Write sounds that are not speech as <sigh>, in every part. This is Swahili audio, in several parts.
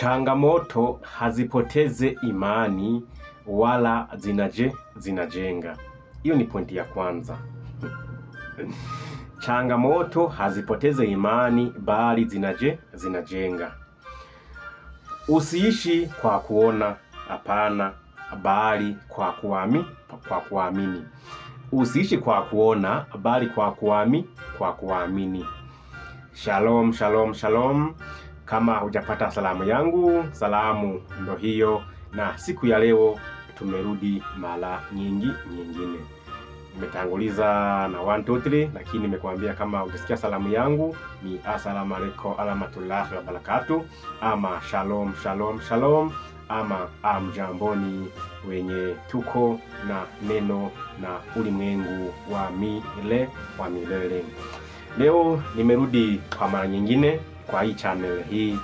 Changamoto hazipoteze imani wala zinaje zinajenga. Hiyo ni pointi ya kwanza. <laughs> Changamoto hazipoteze imani bali zinaje zinajenga. Usiishi kwa kuona, hapana, bali kwa kuami, kwa kuamini. Usiishi kwa kuona bali kwa kuami, kwa kuamini. Shalom, shalom, shalom. Kama hujapata salamu yangu, salamu ndo hiyo, na siku ya leo tumerudi mara nyingi nyingine. Nimetanguliza na 123 lakini nimekuambia kama utasikia salamu yangu ni asalamu alaykum alamatullahi wa barakatu, ama shalom shalom shalom, ama amjamboni, wenye tuko na neno na ulimwengu wa mile wa milele. Leo nimerudi kwa mara nyingine kwa hii channel hii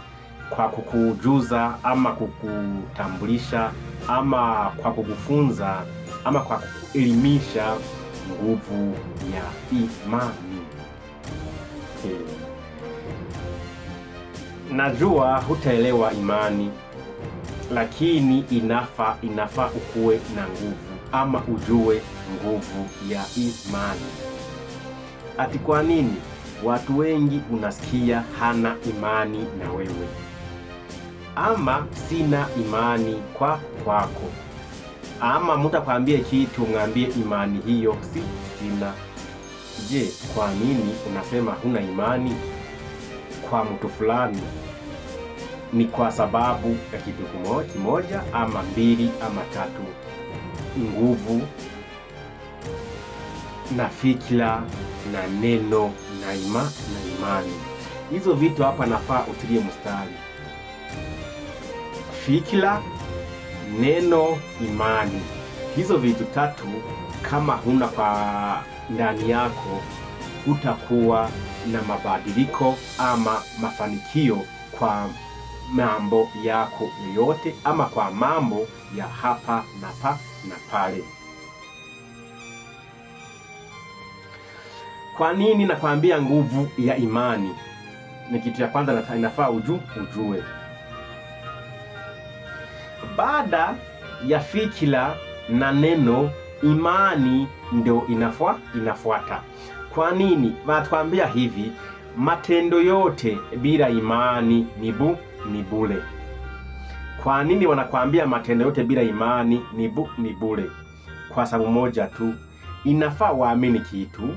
kwa kukujuza ama kukutambulisha ama kwa kukufunza ama kwa kukuelimisha nguvu ya imani. Okay. Eh, najua hutaelewa imani, lakini inafa inafaa ukuwe na nguvu ama ujue nguvu ya imani. Ati kwa nini? watu wengi unasikia hana imani na wewe, ama sina imani kwa kwako, ama mutakwambie kitu ng'ambie imani hiyo si sina. Je, kwa nini unasema huna imani kwa mtu fulani? Ni kwa sababu ya kitu kimoja ama mbili ama tatu, nguvu na fikra na neno na ima, na imani. Hizo vitu hapa nafaa utilie mstari: fikira, neno, imani. Hizo vitu tatu kama huna kwa ndani yako, hutakuwa na mabadiliko ama mafanikio kwa mambo yako yoyote ama kwa mambo ya hapa na pa na pale. Kwa nini nakwambia nguvu ya imani ni kitu ya kwanza inafaa uju ujue. Baada ya fikira na neno, imani ndio inafua, inafuata. Kwa nini natwambia hivi? Matendo yote bila imani ni bu ni bule. Kwa nini wanakwambia matendo yote bila imani ni bu ni bule Kwa sababu moja tu, inafaa waamini kitu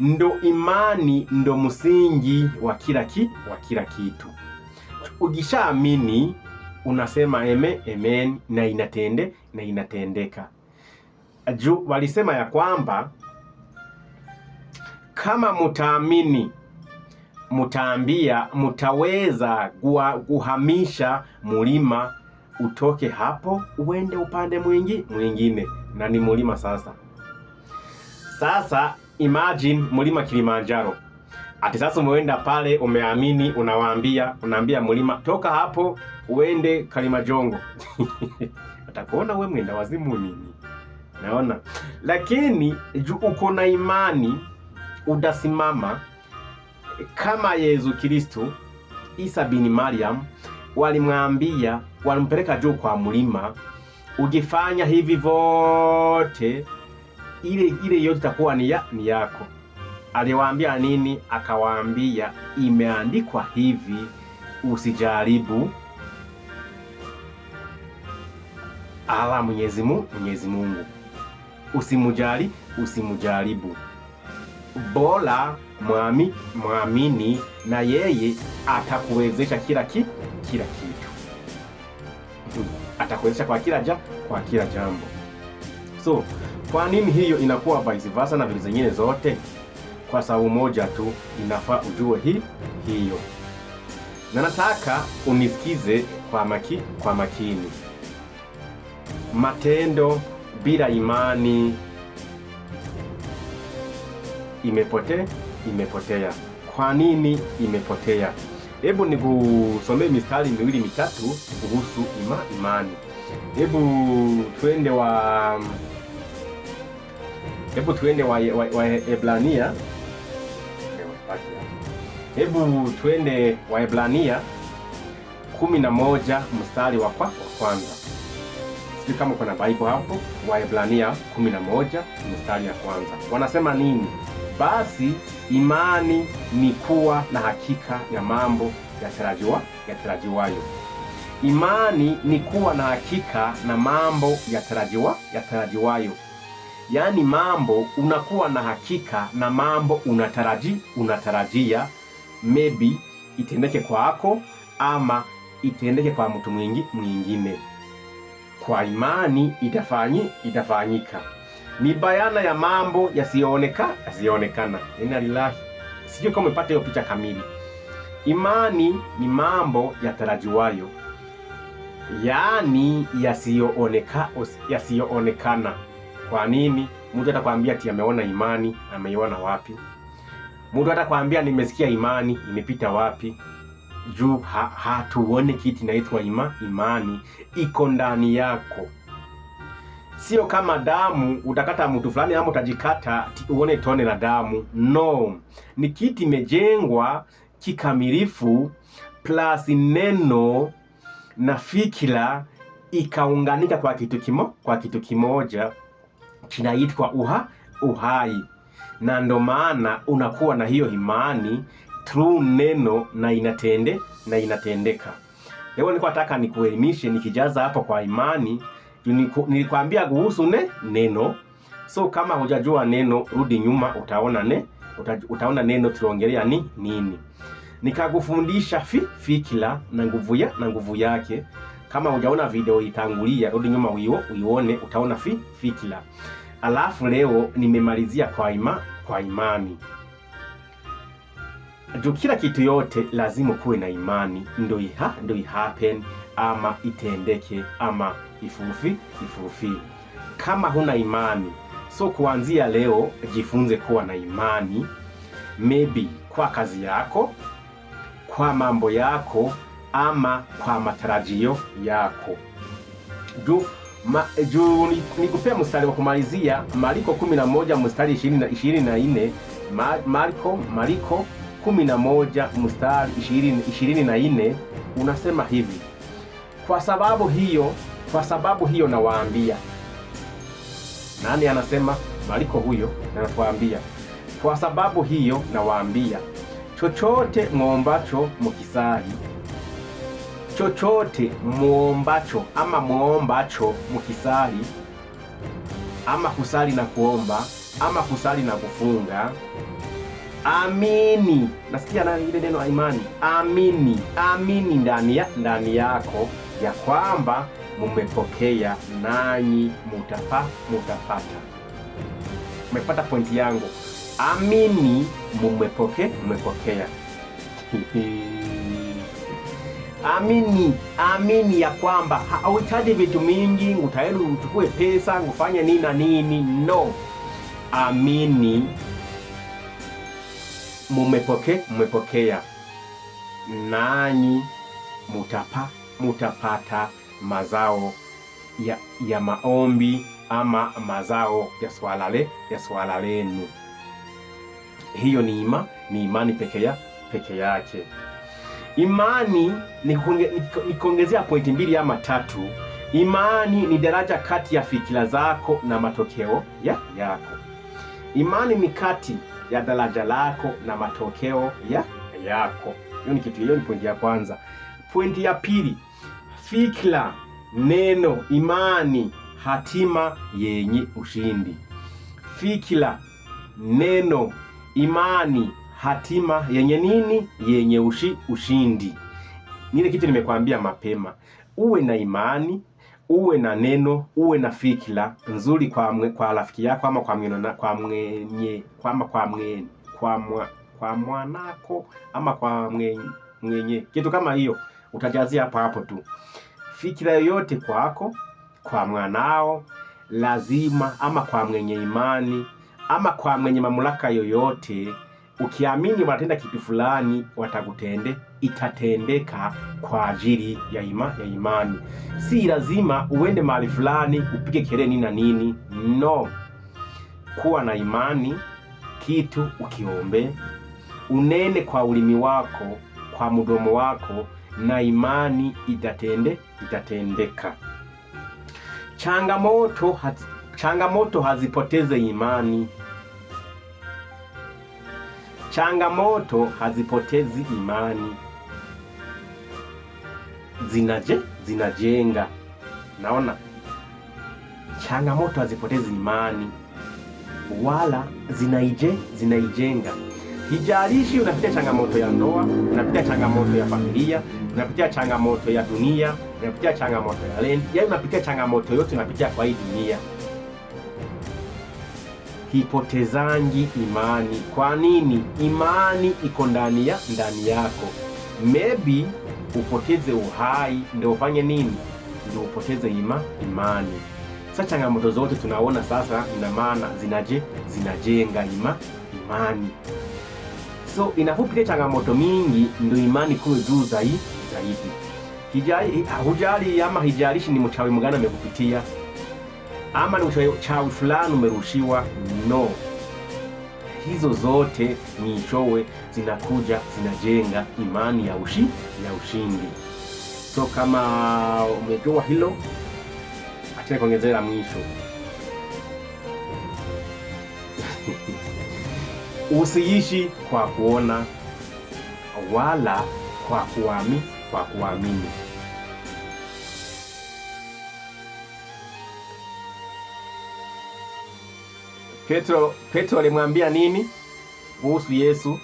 ndo imani ndo msingi wa kila ki, wa kila kitu. Ukishaamini unasema eme amen na inatende na inatendeka. Ju walisema ya kwamba kama mutaamini mutaambia, mutaweza kuhamisha mulima utoke hapo uende upande mwingi mwingine, na ni mulima sasa. Sasa Imagine mlima Kilimanjaro. Ati sasa umeenda pale, umeamini, unawaambia, unaambia mlima toka hapo uende Kalimajongo <laughs> atakuona we mwenda wazimu nini? Naona, lakini juu uko na imani, udasimama kama Yesu Kristo. Isa bin Mariam walimwambia, walimpeleka juu kwa mlima, ukifanya hivi vote ile ile yote itakuwa ni, ya, ni yako. Aliwaambia nini? Akawaambia imeandikwa hivi, usijaribu ala Mwenyezi Mungu, usimujali usimujaribu. Bora mwami mwamini, na yeye atakuwezesha kila ki, kila kitu hmm, atakuwezesha kwa kila ja, kwa kila jambo so kwa nini hiyo inakuwa vice versa na vile zingine zote? Kwa sababu moja tu, inafaa ujue hii hiyo, na nataka unisikize kwa maki, kwa makini. Matendo bila imani imepote imepotea. Kwa nini imepotea? Hebu nikusomee mistari miwili mitatu kuhusu ima, imani. Hebu twende wa Hebu tuende Waebrania wa, wa hebu tuende Waebrania kumi na moja mstari wa kwanza. Sijui kama kuna Bible hapo. Waebrania kumi na moja mstari ya kwanza wanasema nini? Basi imani ni kuwa na hakika ya mambo yatarajiwa yatarajiwayo. Imani ni kuwa na hakika na mambo yatarajiwa yatarajiwayo yaani mambo unakuwa na hakika na mambo unataraji unatarajia maybe itendeke kwako ama itendeke kwa mtu mwingi mwingine. Kwa imani itafanyi itafanyika. Ni bayana ya mambo yasiyooneka yasiyoonekana. Inna lillahi. Sijui kama umepata hiyo picha kamili. Imani ni mambo yatarajiwayo, yaani yasiyoonekana, yasiyoonekana. Kwa nini? Mtu atakwambia ati ameona imani, ameiona wapi? Mtu atakwambia nimesikia imani, imepita wapi? Juu ha, hatuone kitu inaitwa ima, imani iko ndani yako. Sio kama damu utakata mtu fulani ama utajikata uone tone la damu. No, ni kitu imejengwa kikamilifu, plus neno na fikira ikaunganika kwa kitu kimo, kwa kitu kimoja kinaitwa uha uhai, na ndo maana unakuwa na hiyo imani true neno na inatende na inatendeka. Leo nilikuwa nataka nikuelimishe nikijaza hapo kwa imani, nilikwambia kuhusu ne neno. So kama hujajua neno, rudi nyuma, utaona ne utaona neno tuliongelea ni nini. Nikakufundisha fi fikila na nguvu ya na nguvu yake kama hujaona video itangulia, rudi nyuma uio uione, utaona fi, fikira. Alafu leo nimemalizia kwa ima, kwa imani. Juu kila kitu yote lazima kuwe na imani ndo iha, ndo ihappen ama itendeke ama ifufi ifufi. Kama huna imani, so kuanzia leo jifunze kuwa na imani, maybe kwa kazi yako, kwa mambo yako ama kwa matarajio yako. Juu ju, nikupea ni mstari wa kumalizia Mariko 11 mstari 24. Mariko Mariko 11 mstari 24 unasema hivi: kwa sababu hiyo, kwa sababu hiyo nawaambia. Nani anasema? Mariko huyo anatuambia, kwa sababu hiyo nawaambia, chochote mwombacho mukisali chochote muombacho ama muombacho mukisali ama kusali na kuomba ama kusali na kufunga, amini. Nasikia nani ile neno imani, amini, amini ndani ya ndani yako ya kwamba mumepokea nanyi mutapa mutapata. Umepata pointi yangu? Amini mumepokea, mumepokea <laughs> Amini, amini ya kwamba hauhitaji vitu mingi, utaenda uchukue pesa ufanye nini na nini. No, amini mumepoke, mumepokea nanyi mutapa, mutapata mazao ya, ya maombi ama mazao ya swala le ya swala lenu. Hiyo ni ima, ni imani pekea peke yake. Imani nikuongezea pointi mbili ama tatu. Imani ni daraja kati ya fikira zako na matokeo ya yako. Imani ni kati ya daraja lako na matokeo ya yako. Hiyo ni kitu, hiyo ni pointi ya kwanza. Pointi ya pili, fikira, neno, imani, hatima yenye ushindi. Fikira, neno, imani hatima yenye nini? Yenye ushi, ushindi. Nile kitu nimekwambia mapema, uwe na imani, uwe na neno, uwe na fikira nzuri kwa mwe, kwa rafiki yako ama kwa mwenye kwa mwenye kwa ama kwa mwenye kwa mwa, kwa mwanako ama kwa mwenye kitu kama hiyo, utajazia hapo hapo tu. Fikira yoyote kwako, kwa mwanao lazima, ama kwa mwenye imani ama kwa mwenye mamlaka yoyote Ukiamini watenda kitu fulani watakutende, itatendeka kwa ajili ya, ima, ya imani. Si lazima uende mahali fulani upige kelele nini na nini, no. Kuwa na imani, kitu ukiombe, unene kwa ulimi wako, kwa mdomo wako, na imani itatende itatendeka. Changamoto, changamoto hazipoteze imani. Changamoto hazipotezi imani, zinaje zinajenga. Naona changamoto hazipotezi imani wala zinaije zinaijenga. Hijalishi unapitia changamoto ya ndoa, unapitia changamoto ya familia, unapitia changamoto ya dunia, unapitia changamoto ya rent, yaani unapitia changamoto yote unapitia kwa hii dunia hipotezangi imani. Kwa nini? Imani iko ndani ya ndani yako, maybe upoteze uhai ndio ufanye nini? Ndio upoteze ima, imani. Sasa changamoto zote tunaona sasa, ina maana zinaje zinajenga ima, imani. So inafupitia changamoto mingi ndio imani kuwe juu zaidi zaidi. Hujali ama hijalishi ni mchawi mgana amekupitia ama ni uchawi fulani umerushiwa. No, hizo zote showe zinakuja zinajenga imani ya ushi ya ushindi. So kama umejua hilo, acha kuongezea mwisho <laughs> usiishi kwa kuona wala kwa kuamini kwa kuamini Petro, Petro alimwambia nini kuhusu Yesu?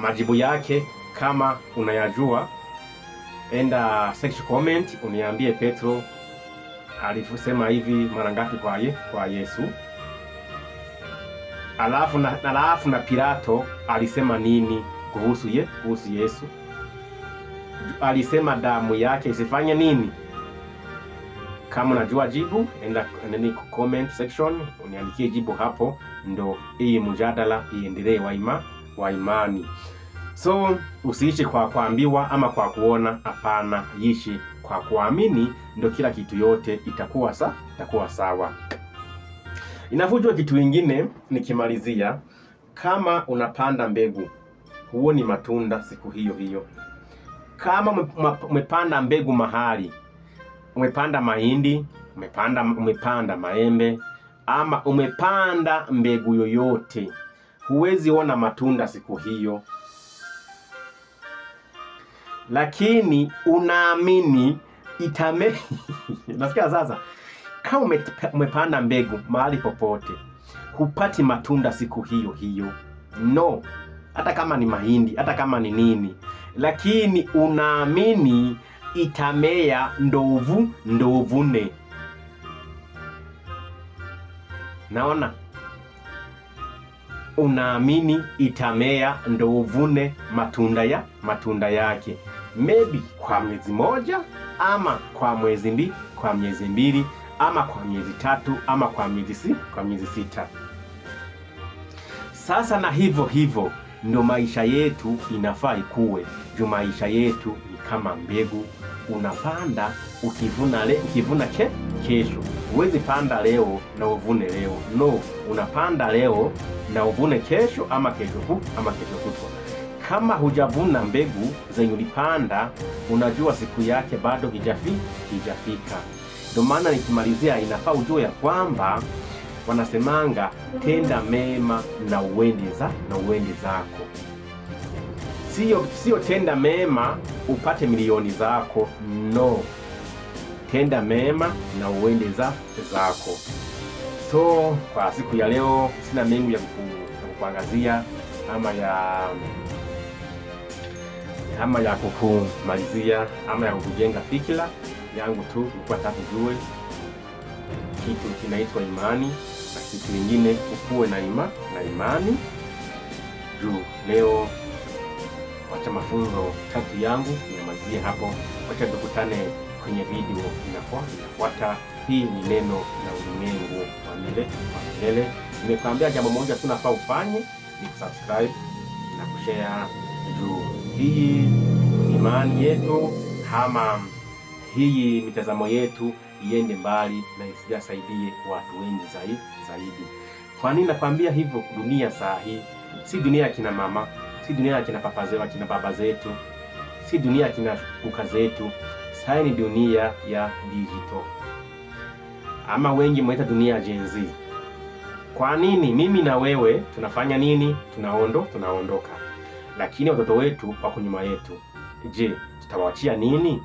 Majibu yake kama unayajua, enda section comment uniambie Petro alivyosema hivi mara ngapi kwa, ye, kwa Yesu. Alafu na, alafu na Pilato alisema nini kuhusu ye, kuhusu Yesu? Alisema damu yake isifanye nini? Kama unajua jibu, enda nini ku comment section uniandikie jibu hapo, ndo hii mjadala iendelee wa wa imani. So usiishi kwa kuambiwa ama kwa kuona, hapana, ishi kwa kuamini, ndo kila kitu yote itakuwa sa itakuwa sawa. Inavujwa kitu ingine nikimalizia, kama unapanda mbegu huoni matunda siku hiyo hiyo. Kama umepanda mbegu mahali umepanda mahindi, umepanda, umepanda maembe ama umepanda mbegu yoyote, huwezi ona matunda siku hiyo, lakini unaamini itame <laughs> nasikia sasa, kama umepanda mbegu mahali popote, hupati matunda siku hiyo hiyo, no, hata kama ni mahindi, hata kama ni nini, lakini unaamini itamea ndovu ndovune Naona unaamini itamea ndovune matunda ya matunda yake, maybe kwa mwezi moja ama kwa mwezi mbili, kwa miezi mbili ama kwa miezi tatu ama kwa miezi si, kwa miezi sita. Sasa na hivyo hivyo ndo maisha yetu inafaa ikuwe juu maisha yetu kama mbegu. Unapanda ukivuna le, ukivuna ke, kesho. Huwezi panda leo na uvune leo, no, unapanda leo na uvune kesho, ama kesho ku ama kesho kutwa. Kama hujavuna mbegu zenye ulipanda, unajua siku yake bado hijafi hijafika. Ndio maana nikimalizia, inafaa ujue ya kwamba wanasemanga tenda mema na uwendi za na uende zako, sio sio tenda mema upate milioni zako. No, tenda mema na uende za zako. So kwa siku ya leo sina mengi ya kukuangazia ama ya ama ya kukumalizia ama ya kukujenga fikira yangu tu, nilikuwa tatu ujue kitu kinaitwa imani na kitu kingine ukuwe na, ima, na imani juu leo kupata mafunzo tatu yangu nimalizie hapo. Wacha tukutane kwenye video inafuata. Hii ni Neno la Ulimwengu wa Milele Nimekuambia jambo moja tu nafaa ufanye ni kusubscribe na kushare juu hii imani yetu ama hii mitazamo yetu iende mbali na isijasaidie watu wengi zaidi zaidi. Kwa nini nakwambia hivyo? Dunia saa hii si dunia ya kina mama Si dunia ya kina papa zetu, kina baba zetu, si dunia ya kina kuka zetu. Sasa ni dunia ya digital, ama wengi mwaita dunia ya Gen Z. Kwa nini mimi na wewe tunafanya nini? Tunaondo, tunaondoka, lakini watoto wetu wako nyuma yetu. Je, tutawaachia nini?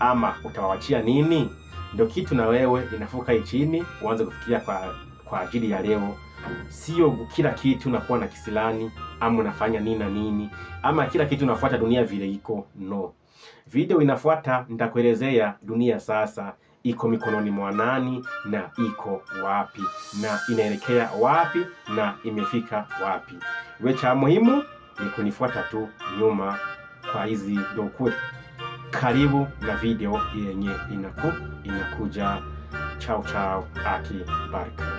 Ama utawaachia nini? Ndio kitu na wewe inafuka chini uanze kufikiria kwa, kwa ajili ya leo, sio kila kitu nakuwa na kisilani ama unafanya nini na nini, ama kila kitu unafuata dunia vile iko. No, video inafuata nitakuelezea dunia sasa iko mikononi mwa nani na iko wapi na inaelekea wapi na imefika wapi. We, cha muhimu ni kunifuata tu nyuma kwa hizi dokue. Karibu na video yenye inaku inakuja. Chao chao, aki